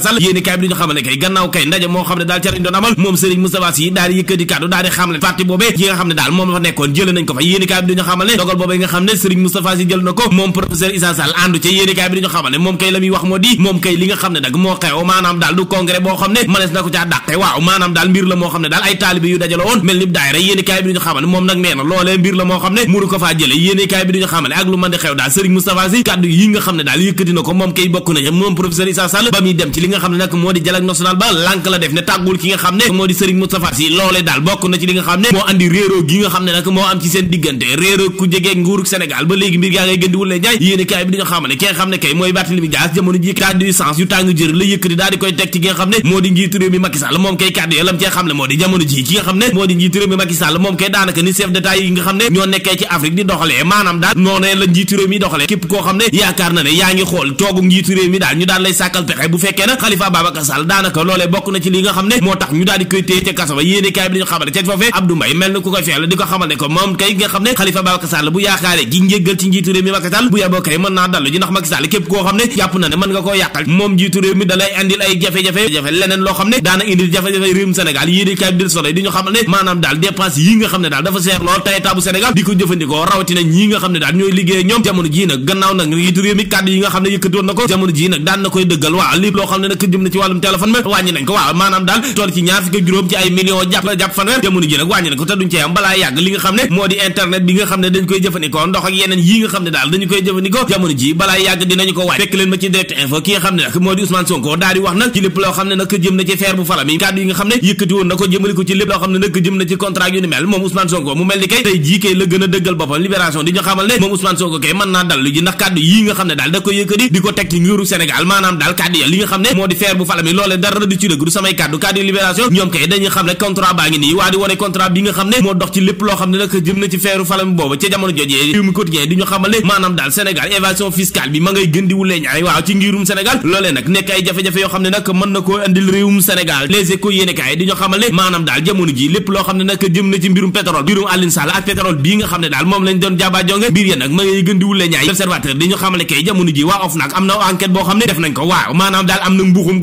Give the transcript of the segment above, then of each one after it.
Matar Sall yéeni bi duñu xamal ne kay gannaaw kay ndaje moo xam ne daal ca lañ amal moom Serigne Moustapha Sy yi daal yëkkati na ko moom kay bokk na moom professeur Issa ba muy dem ci nga moo di dialogue national la moom kay kàddu yàlla ci ne moo yi nga xam ne ñoo nekkee ci Afrique di doxalee maanaam daal noonee la njiitu doxalee képp koo xam ne yaakaar na ne yaa ngi xool toogu njiitu daal ñu daal lay sàkkal pexe bu fekkee na Xalifa Ababacar daanaka loolee bokk na ci li nga xam ne moo tax ñu daal di koy téye ca kaso ba yéene bi dañu xamal ne maanaam daal dépense yi nga xam ne daal dafa seer lool tay taabu Sénégal di ko jëfandikoo rawatina ñi nga xam ne daal ñooy liggéey ñoom jamono ji nag gannaaw nag njiitu réew mi kàddu yi nga xam ne yëkkatoon na ko jamono ji nag daan na koy dëggal waa lépp loo xam ne nag moo di internet bi ko wàññi di wax nag ci lépp loo xam ne nag jëm na ci feer bu fala mi kàddu yi nga xam ne yëkkati woon na ko jëmali ne ci contrat yu ni mel moom Ousmane Sonko mu kay mën naa dal lu ji ndax kàddu yi nga xam ne daal da ko yëkkati di ko teg ci nguuru Sénégal maanaam daal kàddu ya li nga xam ne ne moo di feer bu falami loolee dara du ci dëgg du samay kàddu kàddu libération ñoom kay dañuy xam contrat baa ngi nii waa di wane contrat bi nga xam ne na maanaam daal ma ngay gën di wulee ñaay waaw ci jamono ji lépp loo xam ne nag jëm na ci mbirum pétrole mbirum Aline Sall ak pétrole bii nga xam ne daal moom lañ doon jaaba jonge mbir ya nag ma ngay gën di wulee ñaay observateur di ñu xamal kay jamono ji waa OFNAC am na enquête boo xam ne def nañ ko waaw maanaam daal wala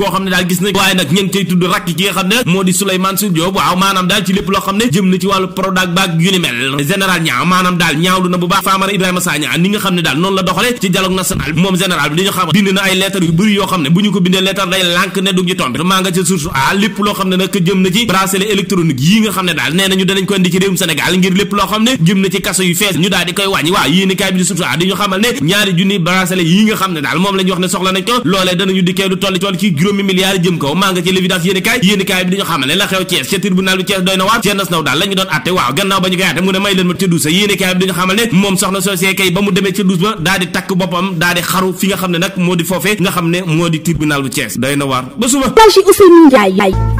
xam ne daal noonu la doxale ci dialogue national moom général bi dañu xam ne bu ne du ci tontu réewum Sénégal ngir lépp loo xam ne jëm na ci kaso yu fees ñu daal di koy wàññi waaw yéen bi di source di ñu xamal ne ñaari junni bracelet yi nga xam ne daal moom la wax ne soxla nañ ko loolee danañu dikkee lu toll toll ci juróomi milliards jëm kaw maa nga ci l'évidence yéen kaay yéen kaay bi dañu xamal ne la xew Thiès ca tribunal bi Thiès doy na waar Thierno Sow daal la doon atte waaw gannaaw ba ñu koy atte mu ne may leen ma ca duusa yéen kaay bi dañu xamal ne moom soxna soosee kay ba mu demee ca duus ba daa di takk boppam daa di xaru fi nga xam ne nag moo di foofee nga xam ne moo di tribunal bu Thiès doy na waar ba suba